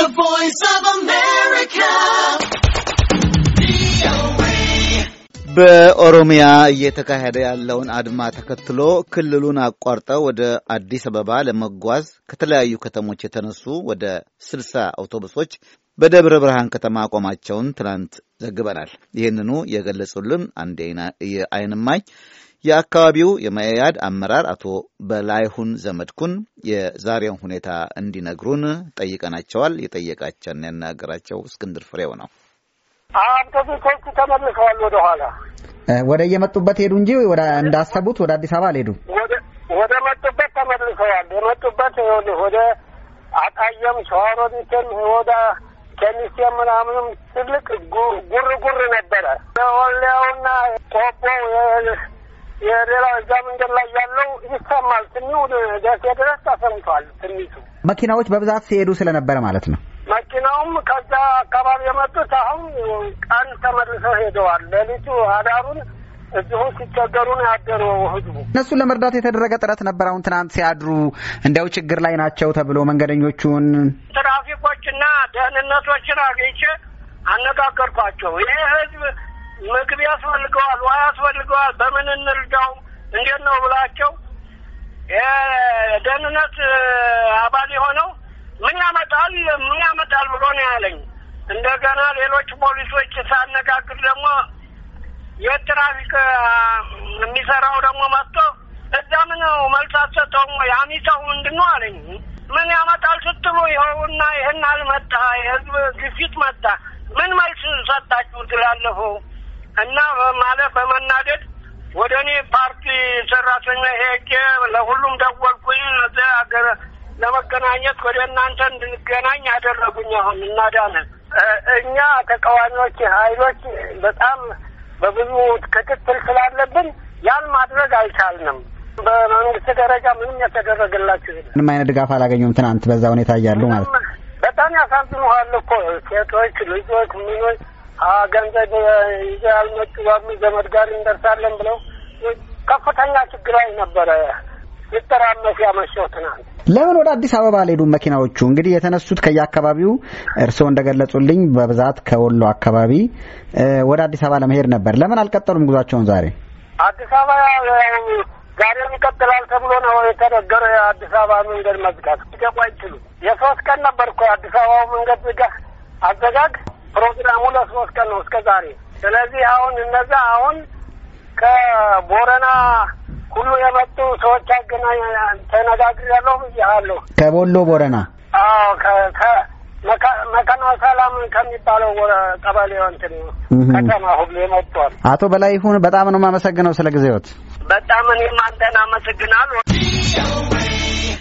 The Voice of America. በኦሮሚያ እየተካሄደ ያለውን አድማ ተከትሎ ክልሉን አቋርጠው ወደ አዲስ አበባ ለመጓዝ ከተለያዩ ከተሞች የተነሱ ወደ ስልሳ አውቶቡሶች በደብረ ብርሃን ከተማ አቋማቸውን ትናንት ዘግበናል። ይህንኑ የገለጹልን አንድ የአይን እማኝ የአካባቢው የመያድ አመራር አቶ በላይሁን ዘመድኩን የዛሬውን ሁኔታ እንዲነግሩን ጠይቀናቸዋል። የጠየቃቸውን ያናገራቸው እስክንድር ፍሬው ነው። አብቶቢቶቹ ተመልሰዋል። ወደ ኋላ ወደ እየመጡበት ሄዱ እንጂ እንዳሰቡት ወደ አዲስ አበባ አልሄዱም። ወደ መጡበት ተመልሰዋል። የመጡበት ወደ አጣየም ሸዋሮቢትም ወደ ኬሚስቴ ምናምንም ትልቅ ጉርጉር ነበረ ለወልዲያውና ቆቦ የሌላ እዛ መንገድ ላይ ያለው ይሰማል። ትንው ደሴ ድረስ ተሰምቷል። ትንሹ መኪናዎች በብዛት ሲሄዱ ስለነበረ ማለት ነው። መኪናውም ከዛ አካባቢ የመጡት አሁን ቀን ተመልሰው ሄደዋል። ሌሊቱ አዳሩን እዚሁ ሲቸገሩ ነው ያደሩ ህዝቡ። እነሱን ለመርዳት የተደረገ ጥረት ነበር። አሁን ትናንት ሲያድሩ እንዲያው ችግር ላይ ናቸው ተብሎ መንገደኞቹን ትራፊኮችና ደህንነቶችን አግኝቼ አነጋገርኳቸው። ይሄ ህዝብ ምግብ ያስፈልገዋል፣ ውሃ ያስፈልገዋል፣ በምን እንርዳው እንዴት ነው ብላቸው የደህንነት አባል የሆነው ምን ያመጣል ምን ያመጣል ብሎ ነው ያለኝ። እንደገና ሌሎች ፖሊሶች ሳነጋግር ደግሞ የትራፊክ የሚሰራው ደግሞ መጥቶ እዛ ምን መልስ አትሰጠውም ያሚሰው ምንድን ነው አለኝ። ምን ያመጣል ስትሉ ይኸውና ይህን አልመጣ የህዝብ ግፊት መጣ ምን መልስ ሰጣችሁ ትላለፈው እና ማለት በመናደድ ወደ እኔ ፓርቲ ሰራተኛ ሄጄ ለሁሉም ደወልኩኝ። እዚ ሀገር ለመገናኘት ወደ እናንተ እንድንገናኝ አደረጉኝ። አሁን እናዳነ እኛ ተቃዋሚዎች ኃይሎች በጣም በብዙ ክትትል ስላለብን ያን ማድረግ አልቻልንም። በመንግስት ደረጃ ምንም ያተደረገላችሁ ምንም አይነት ድጋፍ አላገኙም። ትናንት በዛ ሁኔታ እያሉ ማለት በጣም ያሳዝኑሃል እኮ ሴቶች፣ ልጆች፣ ምኖች ገንዘብ ይዘው ያልመጡ ባሉ ዘመድ ጋር እንደርሳለን ብለው ከፍተኛ ችግር ላይ ነበረ ሊጠራመስ ያመሸው ትናንት። ለምን ወደ አዲስ አበባ አልሄዱ መኪናዎቹ? እንግዲህ የተነሱት ከየአካባቢው እርስዎ እንደገለጹልኝ በብዛት ከወሎ አካባቢ ወደ አዲስ አበባ ለመሄድ ነበር። ለምን አልቀጠሉም ጉዟቸውን ዛሬ? አዲስ አበባ ዛሬም ይቀጥላል ተብሎ ነው የተነገረ። የአዲስ አበባ መንገድ መዝጋት ሊገቡ አይችሉም። የሶስት ቀን ነበር እኮ የአዲስ አበባ መንገድ ዝጋ አዘጋግ ፕሮግራሙ ለሶስት ቀን ነው እስከ ዛሬ። ስለዚህ አሁን እነዛ አሁን ከቦረና ሁሉ የመጡ ሰዎች ያገና ተነጋግሬያለሁ ብያለሁ። ከቦሎ ቦረና። አዎ መከና ሰላም ከሚባለው ቀበሌ እንትን ከተማ ሁሉ የመጧል። አቶ በላይሁን በጣም ነው የማመሰግነው ስለ ጊዜዎት። በጣም እኔም አንተን አመሰግናለሁ።